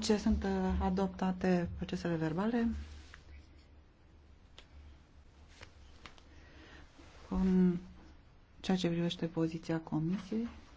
ce sunt uh, adoptate procesele verbale. În ceea ce privește poziția Comisiei.